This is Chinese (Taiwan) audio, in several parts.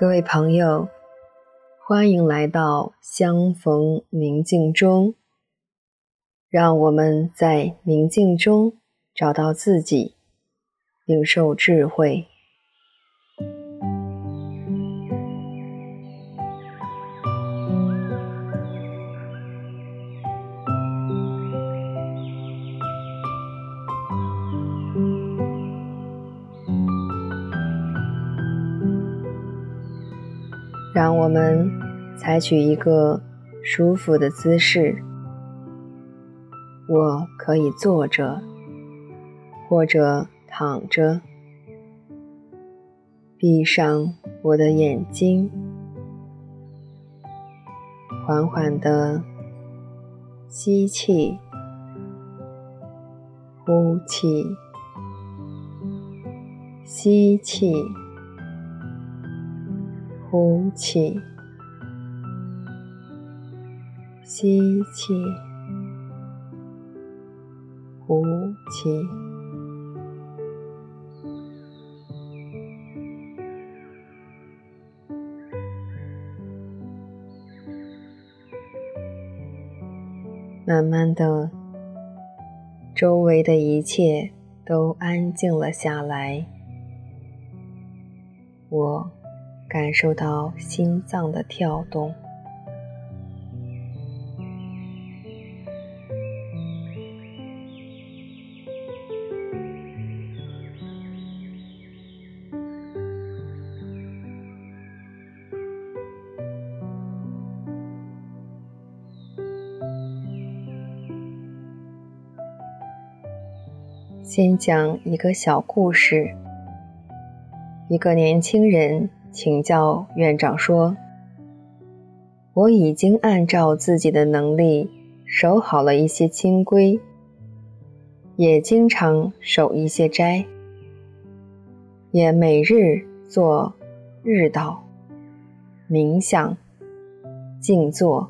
各位朋友，歡迎來到相逢寧靜中，讓我們在寧靜中找到自己，領受智慧。讓我們採取一個舒服的姿勢。我可以坐着，或者躺着。閉上我的眼睛，緩緩地吸氣，呼氣，吸氣。呼氣，吸氣，呼氣。慢慢的，周圍的一切都安靜了下來。我，感受到心臟的跳動。先講一個小故事：一個年輕人。請教院長說：“我已經按照自己的能力守好了一些清規，也經常守一些齋，也每日做日禱、冥想、靜坐，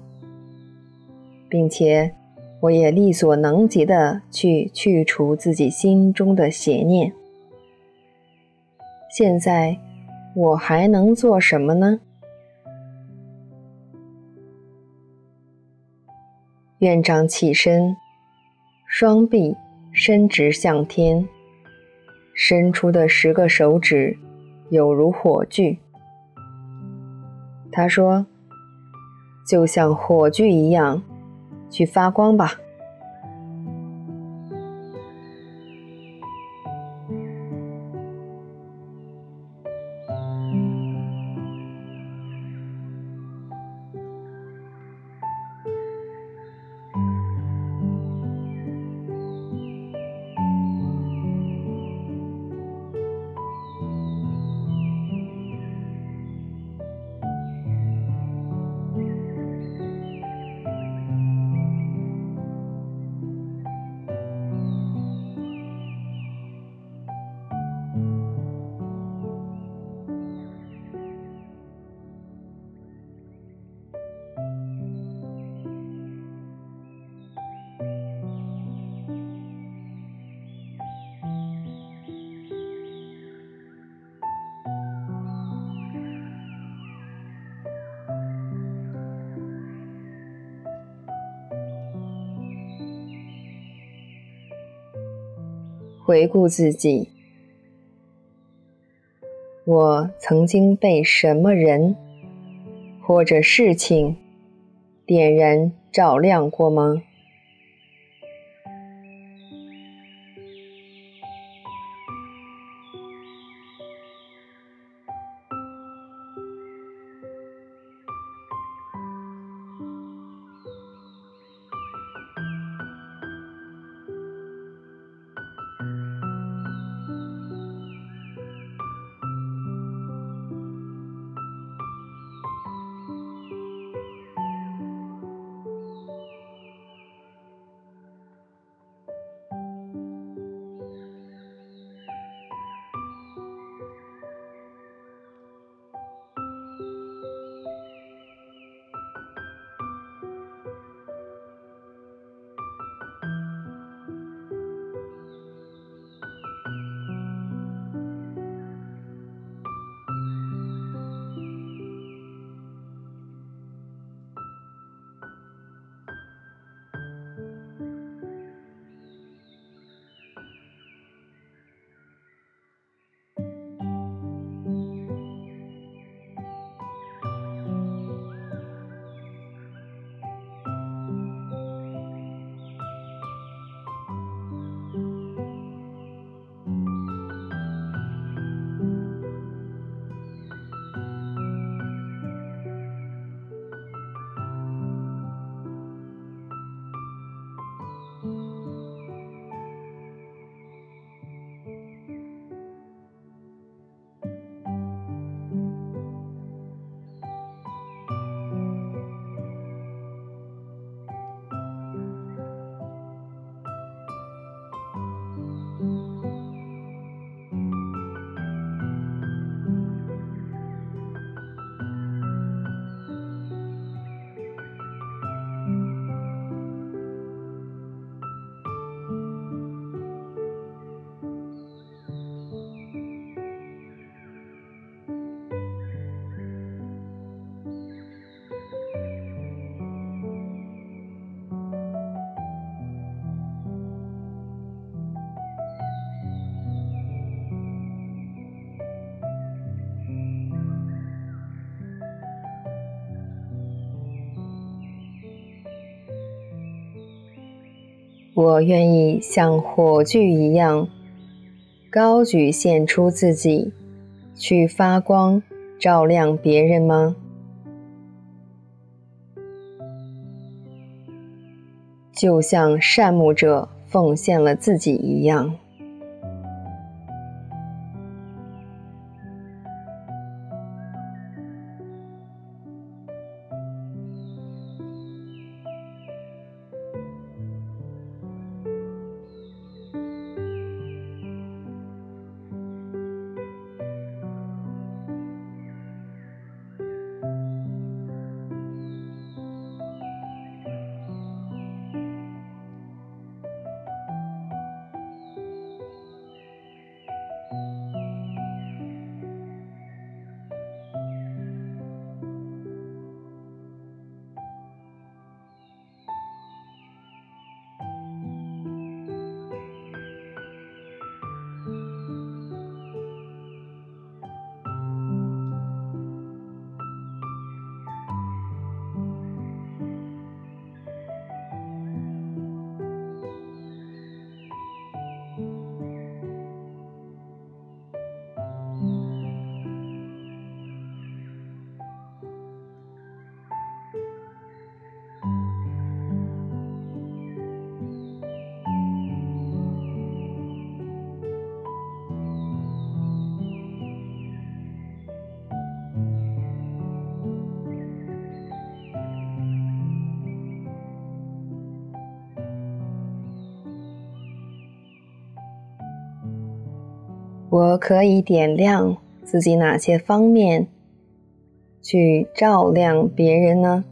並且我也力所能及的去祛除自己心中的邪念。現在。”我還能做什麼呢？院長起身，雙臂伸直向天，伸出的十個手指猶如火炬。他說：“就像火炬一樣，去發光吧。”回顧自己，我曾經被什麼人或者事情點燃照亮過嗎？我願意像火炬一樣高舉，獻出自己，去發光，照亮別人嗎？就像善牧者奉獻了自己一樣。我可以點亮自己哪些方面，去照亮別人呢？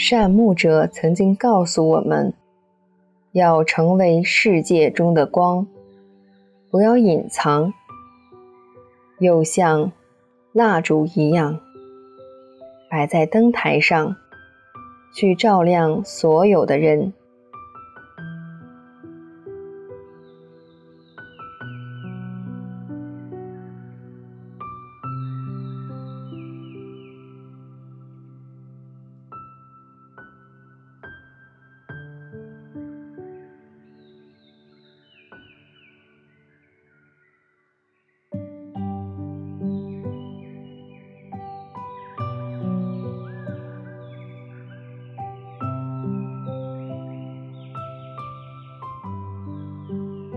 善牧者曾經告訴我們，要成為世界中的光，不要隱藏，又像蠟燭一樣，擺在燈台上，去照亮所有的人。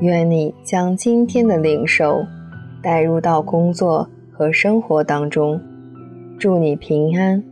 願你將今天的領受帶入到工作和生活當中，祝你平安。